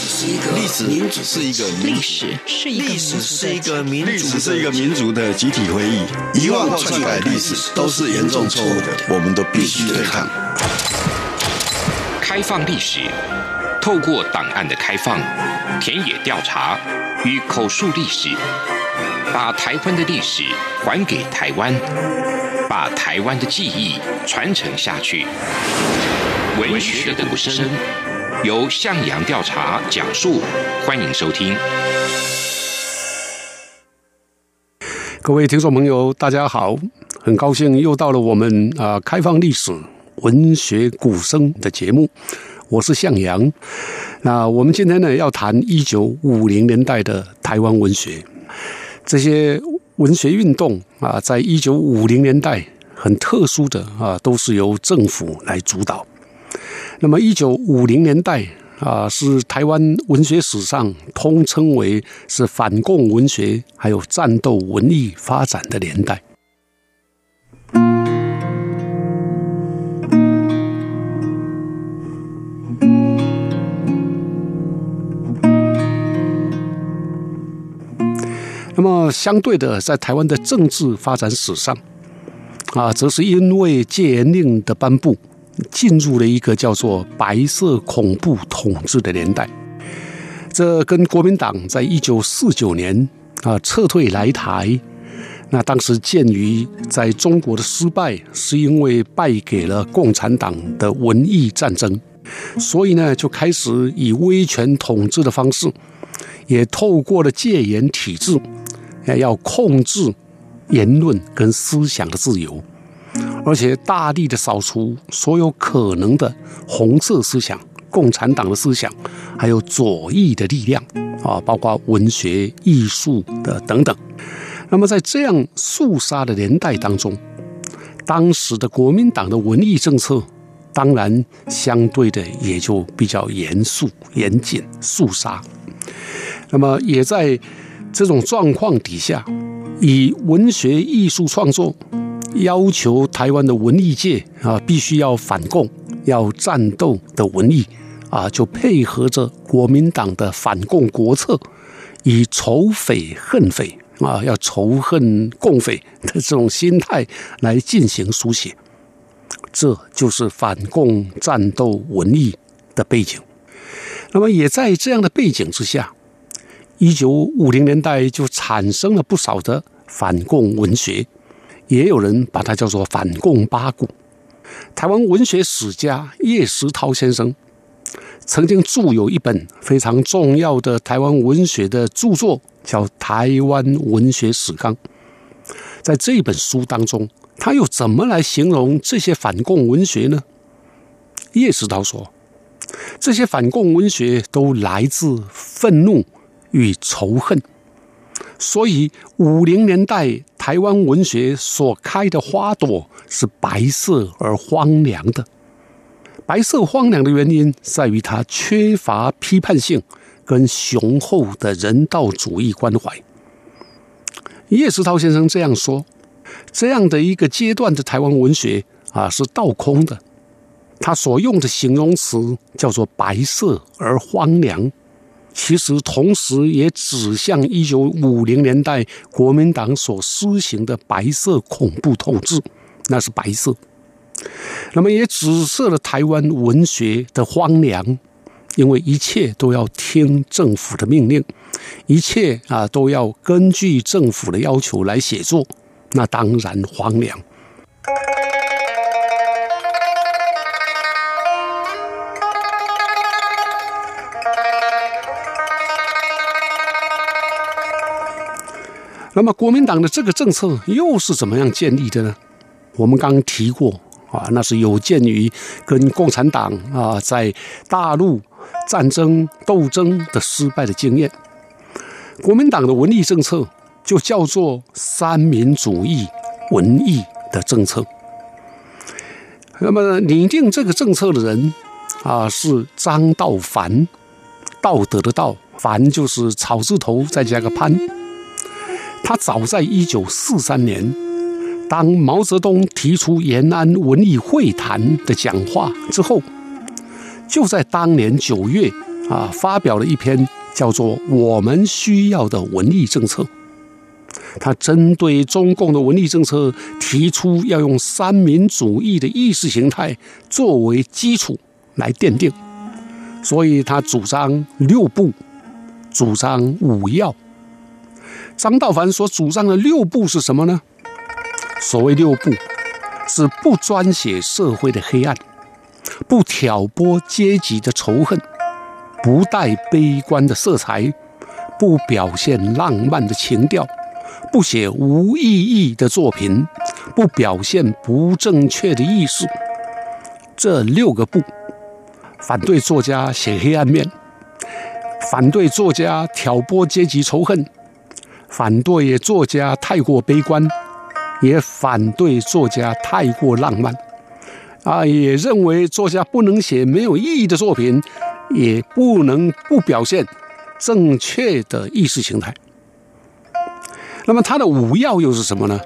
歷史，史是一個歷史，是一個歷史，是一個民族的歷史，是一個民族的集體回憶。遺忘篡改歷史都是嚴重錯誤的，我們都必須對抗。開放歷史，透過檔案的開放、田野調查與口述歷史，把台灣的歷史還給台灣，把台灣的記憶傳承下去。文學的鼓聲由向陽調查講述，歡迎收聽。各位聽眾朋友，大家好，很高興又到了我們啊開放歷史文學古聲的節目，我是向陽。那我們今天呢要談一九五零年代的台灣文學，這些文學運動啊，在一九五零年代很特殊的啊，都是由政府來主導。那麼，一九五零年代啊，是台灣文學史上通稱為是反共文學，還有戰鬥文藝發展的年代。那麼，相對的，在台灣的政治發展史上，啊，則是因為戒嚴令的頒布。進入了一個叫做“白色恐怖”統治的年代，這跟國民黨在一九四九年啊撤退來台，那當時鑒於在中國的失敗，是因為敗給了共產黨的文藝戰爭，所以呢就開始以威權統治的方式，也透過了戒嚴體制，要控制言論跟思想的自由。而且大力的掃除所有可能的紅色思想、共產黨的思想，還有左翼的力量啊，包括文學、藝術的等等。那麼在這樣肅殺的年代當中，當時的國民黨的文藝政策當然相對的也就比較嚴肅、嚴謹、肅殺。那麼也在這種狀況底下，以文學藝術創作。要求台灣的文藝界啊，必須要反共、要戰鬥的文藝啊，就配合着國民黨的反共國策，以仇匪恨匪啊，要仇恨共匪的這種心態來進行書寫。這就是反共戰鬥文藝的背景。那麼，也在這樣的背景之下，一九五零年代就產生了不少的反共文學。也有人把它叫做“反共八股”。台灣文學史家葉石濤先生曾經著有一本非常重要的台灣文學的著作，叫《台灣文學史綱》。在這一本書當中，他又怎麼來形容這些反共文學呢？葉石濤說：“這些反共文學都來自憤怒與仇恨。”所以五零年代，台灣文學所開的花朵是白色而荒涼的，白色荒涼的原因在於它缺乏批判性跟雄厚的人道主義關懷。葉石濤先生這樣說：這樣的一個階段的台灣文學啊，是倒空的。他所用的形容詞叫做白色而荒涼。其實，同時也指向一九五零年代國民黨所施行的白色恐怖統治，那是白色。那麼，也指涉了台灣文學的荒涼，因為一切都要聽政府的命令，一切啊都要根據政府的要求來寫作，那當然荒涼。那麼國民黨的這個政策又是怎麼樣建立的呢？我們剛剛提過啊，那是有鑒於跟共產黨啊在大陸戰爭鬥爭的失敗的經驗，國民黨的文藝政策就叫做三民主義文藝的政策。那麼擬定這個政策的人啊，是張道藩，道德的道，藩就是草字頭再加個潘。他早在一九四三年，當毛澤東提出延安文藝會談的講話之後，就在當年九月啊，發表了一篇叫做《我們需要的文藝政策》。他針對中共的文藝政策，提出要用三民主義的意識形態作為基礎來奠定，所以他主張六不，主張五要。張道凡所主張的六不是什麼呢？所謂六不，是不專寫社會的黑暗，不挑撥階級的仇恨，不帶悲觀的色彩，不表現浪漫的情調，不寫無意義的作品，不表現不正確的意識。這六個不，反對作家寫黑暗面，反對作家挑撥階級仇恨。反對作家太過悲觀，也反對作家太過浪漫，啊，也認為作家不能寫沒有意義的作品，也不能不表現正確的意識形態。那麼他的五要又是什麼呢？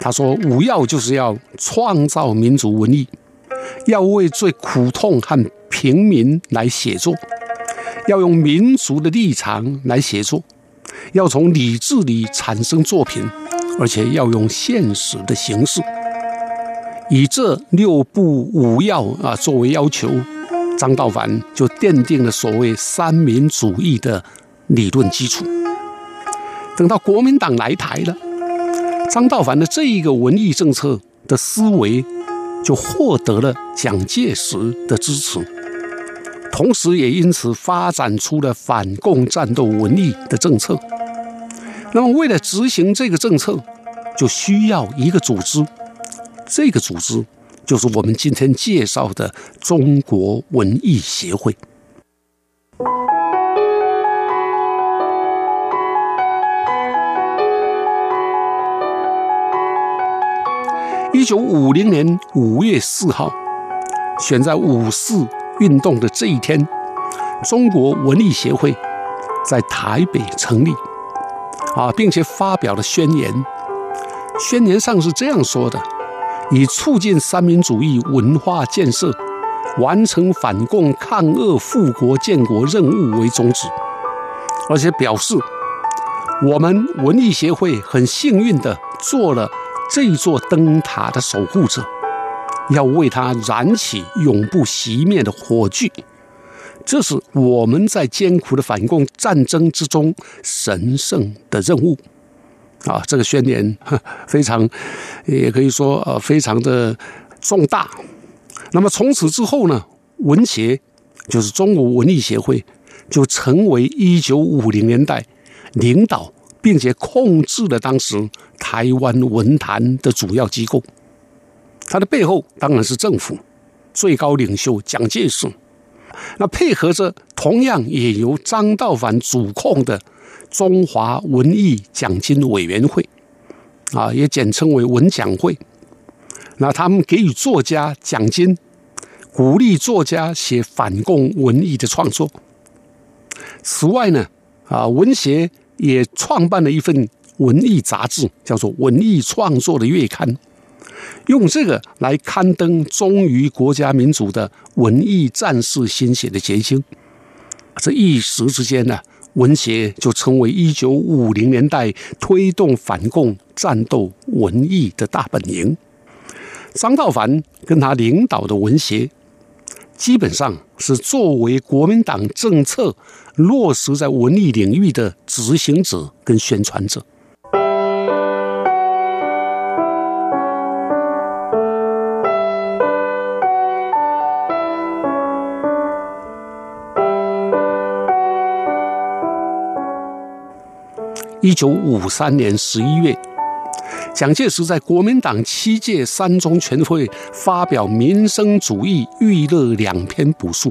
他說五要就是要創造民族文藝，要為最苦痛和平民來寫作，要用民族的立場來寫作。要從理智裡產生作品，而且要用現實的形式，以這六不五要啊作為要求，張道藩就奠定了所謂三民主義的理論基礎。等到國民黨來台了，張道藩的這一個文藝政策的思維，就獲得了蔣介石的支持。同時，也因此發展出了反共戰鬥文藝的政策。那麼，為了執行這個政策，就需要一個組織。這個組織就是我們今天介紹的中國文藝協會。一九五零年五月四號，選在五四。運動的這一天，中國文藝協會在台北成立，啊，並且發表了宣言。宣言上是這樣說的：“以促進三民主義文化建設，完成反共、抗俄、復國、建國任務為宗旨。”而且表示，我們文藝協會很幸運地做了這座燈塔的守護者。要為他燃起永不熄滅的火炬，這是我們在艱苦的反共戰爭之中神聖的任務。啊，這個宣言非常，也可以說呃非常的重大。那麼從此之後呢，文協，就是中國文藝協會，就成為1950年代領導並且控制了當時台灣文壇的主要機構。他的背後當然是政府，最高領袖蔣介石，那配合着同樣也由張道藩主控的中華文藝獎金委員會，啊，也簡稱為文獎會，那他們給予作家獎金，鼓勵作家寫反共文藝的創作。此外呢，啊，文協也創辦了一份文藝雜誌，叫做《文藝創作》的月刊。用這個來刊登忠於國家民族的文藝戰士心血的結晶，這一時之間呢、啊，文協就成為一九五零年代推動反共戰鬥文藝的大本營。張道藩跟他領導的文協，基本上是作為國民黨政策落實在文藝領域的執行者跟宣傳者。一九五三年十一月，蔣介石在國民黨七屆三中全會發表《民生主義育樂兩篇補述》，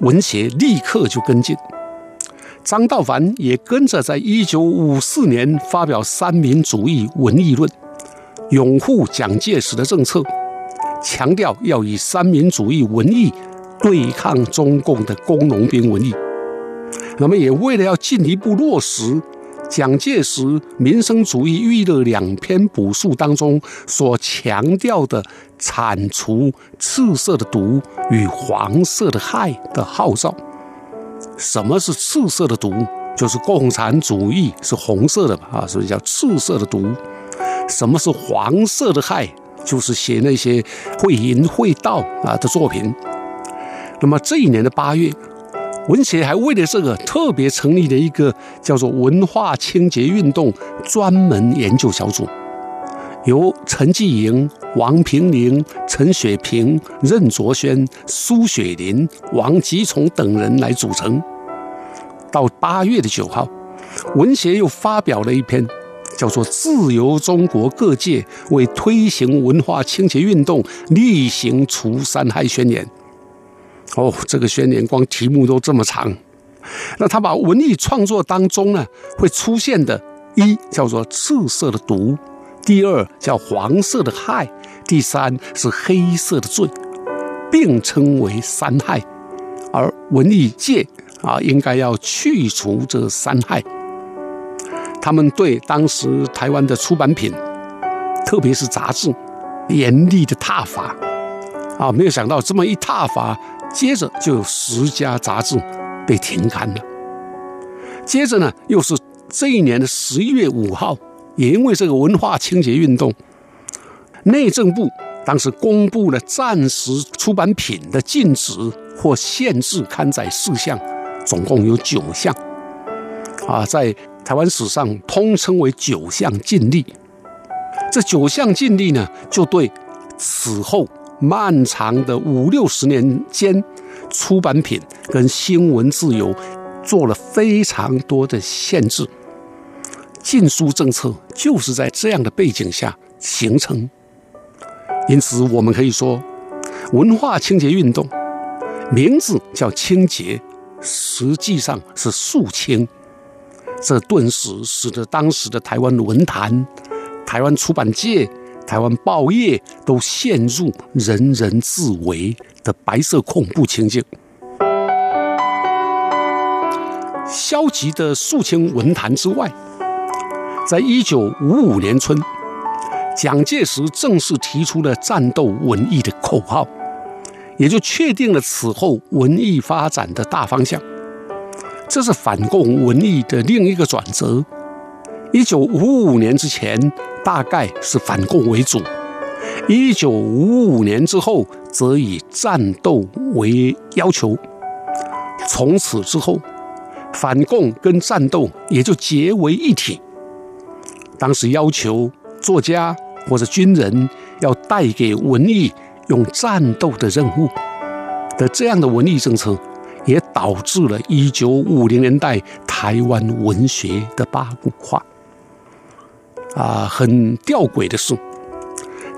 文協立刻就跟進，張道藩也跟着在一九五四年發表《三民主義文藝論》，擁護蔣介石的政策，強調要以三民主義文藝對抗中共的工農兵文藝，那麼也為了要進一步落實。蔣介石《民生主義》育樂兩篇補述當中所強調的“鏟除赤色的毒與黃色的害”的號召。什麼是赤色的毒？就是共產主義是紅色的啊，所以叫赤色的毒。什麼是黃色的害？就是寫那些誨淫誨盜啊的作品。那麼這一年的八月。文協還為了這個特別成立了一個叫做“文化清潔運動”專門研究小組，由陳紀瀅、王平陵、陳雪屏、任卓宣、蘇雪林、王集叢等人來組成。到八月的九號，文協又發表了一篇叫做《自由中國各界為推行文化清潔運動厲行除三害宣言》。哦，這個宣言光題目都這麼長，那他把文藝創作當中呢會出現的，一叫做赤色的毒，第二叫黃色的害，第三是黑色的罪，並稱為三害，而文藝界啊應該要去除這三害，他們對當時台灣的出版品，特別是雜誌，嚴厲的撻伐。啊，沒有想到這麼一撻伐，接着就有十家雜志被停刊了。接着呢，又是這一年的十一月五號，也因為這個文化清潔運動，內政部當時公布了戰時出版品的禁止或限制刊載事項，總共有九項。啊，在台灣史上通稱為九項禁令，這九項禁令呢，就對此後。漫長的五六十年間，出版品跟新聞自由做了非常多的限制，禁書政策就是在這樣的背景下形成。因此，我們可以說，文化清潔運動，名字叫清潔，實際上是肅清。這頓時使得當時的台灣文壇、台灣出版界。台灣報業都陷入人人自危的白色恐怖情景，消極的肅清文壇之外，在一九五五年春，蔣介石正式提出了“戰鬥文藝”的口號，也就確定了此後文藝發展的大方向。這是反共文藝的另一個轉折。一九五五年之前，大概是反共為主；一九五五年之後，則以戰鬥為要求。從此之後，反共跟戰鬥也就結為一體。當時要求作家或者軍人要帶給文藝用戰鬥的任務的這樣的文藝政策，也導致了一九五零年代台灣文學的八股化。啊，很弔詭的是，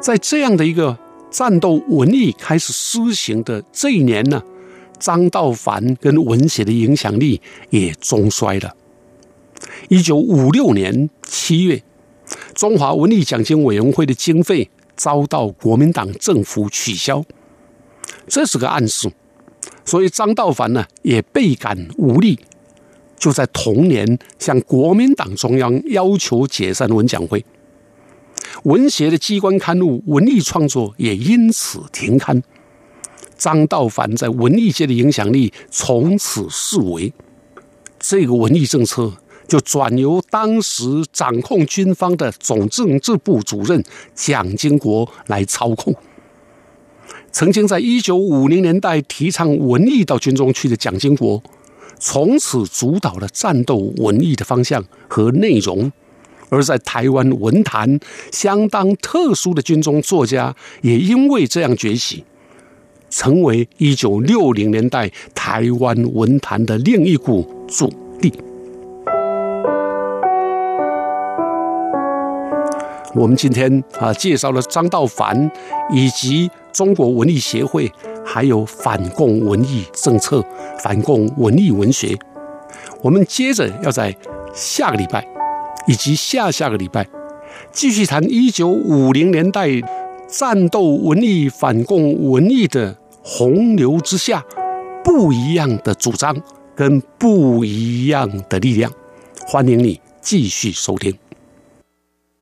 在這樣的一個戰鬥文藝開始施行的這一年呢，張道凡跟文協的影響力也中衰了。一九五六年七月，中華文藝獎金委員會的經費遭到國民黨政府取消，這是個暗示，所以張道凡呢，也倍感無力。就在同年，向國民黨中央要求解散文獎會，文協的機關刊物《文藝創作》也因此停刊。張道凡在文藝界的影響力從此式微。這個文藝政策就轉由當時掌控軍方的總政治部主任蔣經國來操控。曾經在一九五零年代提倡文藝到軍中去的蔣經國。從此主導了戰鬥文藝的方向和內容，而在台灣文壇相當特殊的軍中作家，也因為這樣崛起，成為一九六零年代台灣文壇的另一股主力。我們今天啊，介紹了張道藩以及中國文藝協會。還有反共文藝政策，反共文藝文學。我們接着要在下個禮拜以及下下個禮拜繼續談一九五零年代戰鬥文藝、反共文藝的洪流之下不一樣的主張跟不一樣的力量。歡迎你繼續收聽。